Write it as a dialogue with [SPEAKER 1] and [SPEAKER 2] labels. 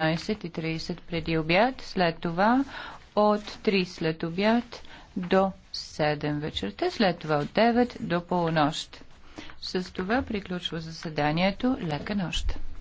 [SPEAKER 1] 11.30 преди обяд, след това от 3 след обяд до 7 вечерта, след това от 9 до полунощ. С това приключва заседанието. Лека нощ!